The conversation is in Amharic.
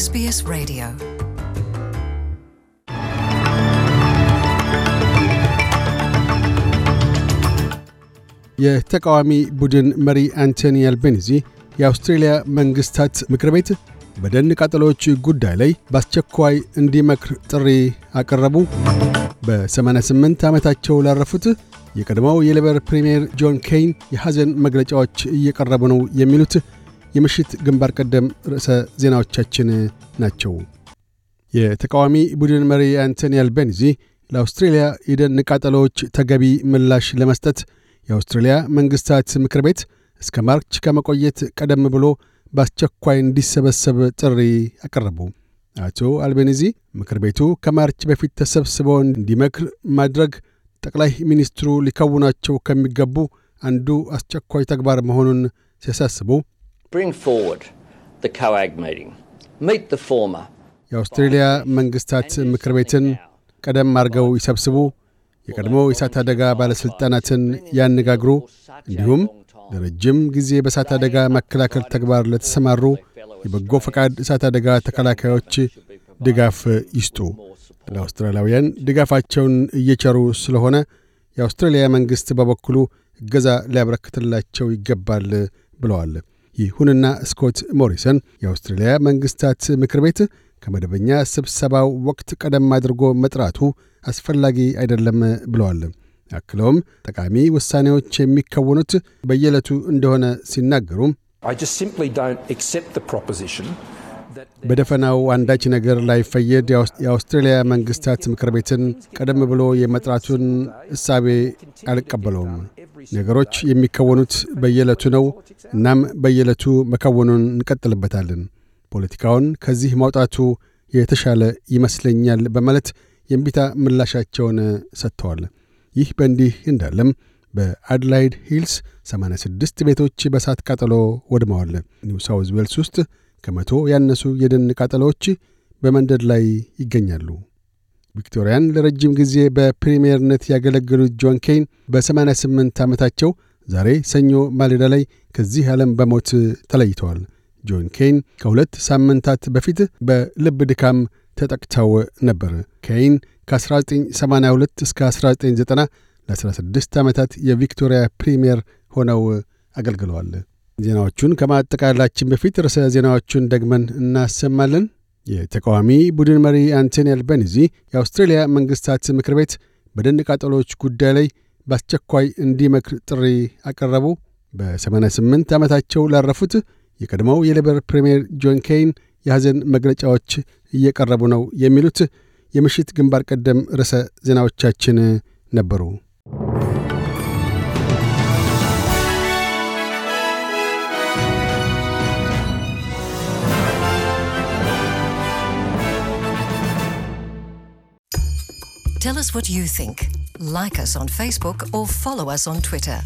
ኤስቢኤስ Radio. የተቃዋሚ ቡድን መሪ አንቶኒ አልቤኒዚ የአውስትሬልያ መንግሥታት ምክር ቤት በደን ቃጠሎዎች ጉዳይ ላይ በአስቸኳይ እንዲመክር ጥሪ አቀረቡ። በ88 ዓመታቸው ላረፉት የቀድሞው የሊበር ፕሪምየር ጆን ኬይን የሐዘን መግለጫዎች እየቀረቡ ነው የሚሉት የምሽት ግንባር ቀደም ርዕሰ ዜናዎቻችን ናቸው። የተቃዋሚ ቡድን መሪ አንቶኒ አልቤኒዚ ለአውስትሬልያ የደን ንቃጠሎዎች ተገቢ ምላሽ ለመስጠት የአውስትሬልያ መንግሥታት ምክር ቤት እስከ ማርች ከመቆየት ቀደም ብሎ በአስቸኳይ እንዲሰበሰብ ጥሪ አቀረቡ። አቶ አልቤኒዚ ምክር ቤቱ ከማርች በፊት ተሰብስቦ እንዲመክር ማድረግ ጠቅላይ ሚኒስትሩ ሊከውናቸው ከሚገቡ አንዱ አስቸኳይ ተግባር መሆኑን ሲያሳስቡ bring forward the COAG meeting. Meet the former. የአውስትሬልያ መንግሥታት ምክር ቤትን ቀደም አድርገው ይሰብስቡ፣ የቀድሞ የእሳት አደጋ ባለሥልጣናትን ያነጋግሩ፣ እንዲሁም ለረጅም ጊዜ በእሳት አደጋ መከላከል ተግባር ለተሰማሩ የበጎ ፈቃድ እሳት አደጋ ተከላካዮች ድጋፍ ይስጡ። ለአውስትራሊያውያን ድጋፋቸውን እየቸሩ ስለሆነ የአውስትራሊያ መንግሥት በበኩሉ እገዛ ሊያበረክትላቸው ይገባል ብለዋል። ይሁንና ስኮት ሞሪሰን የአውስትሬልያ መንግሥታት ምክር ቤት ከመደበኛ ስብሰባው ወቅት ቀደም አድርጎ መጥራቱ አስፈላጊ አይደለም ብለዋል። አክለውም ጠቃሚ ውሳኔዎች የሚከወኑት በየዕለቱ እንደሆነ ሲናገሩ በደፈናው አንዳች ነገር ላይፈየድ የአውስትሬልያ መንግስታት ምክር ቤትን ቀደም ብሎ የመጥራቱን እሳቤ አልቀበለውም። ነገሮች የሚከወኑት በየዕለቱ ነው። እናም በየዕለቱ መከወኑን እንቀጥልበታለን። ፖለቲካውን ከዚህ ማውጣቱ የተሻለ ይመስለኛል በማለት የእምቢታ ምላሻቸውን ሰጥተዋል። ይህ በእንዲህ እንዳለም በአድላይድ ሂልስ 86 ቤቶች በእሳት ቃጠሎ ወድመዋል። ኒው ሳውዝ ዌልስ ውስጥ ከመቶ ያነሱ የደን ቃጠሎዎች በመንደድ ላይ ይገኛሉ። ቪክቶሪያን ለረጅም ጊዜ በፕሪምየርነት ያገለገሉት ጆን ኬይን በ88 ዓመታቸው ዛሬ ሰኞ ማሌዳ ላይ ከዚህ ዓለም በሞት ተለይተዋል። ጆን ኬይን ከሁለት ሳምንታት በፊት በልብ ድካም ተጠቅተው ነበር። ኬይን ከ1982 እስከ 1990 ለ16 ዓመታት የቪክቶሪያ ፕሪምየር ሆነው አገልግለዋል። ዜናዎቹን ከማጠቃላችን በፊት ርዕሰ ዜናዎቹን ደግመን እናሰማለን። የተቃዋሚ ቡድን መሪ አንቶኒ አልባኒዚ የአውስትሬልያ መንግሥታት ምክር ቤት በደን ቃጠሎች ጉዳይ ላይ በአስቸኳይ እንዲመክር ጥሪ አቀረቡ። በ88 ዓመታቸው ላረፉት የቀድሞው የሌበር ፕሪምየር ጆን ኬይን የሐዘን መግለጫዎች እየቀረቡ ነው የሚሉት የምሽት ግንባር ቀደም ርዕሰ ዜናዎቻችን ነበሩ። Tell us what you think. Like us on Facebook or follow us on Twitter.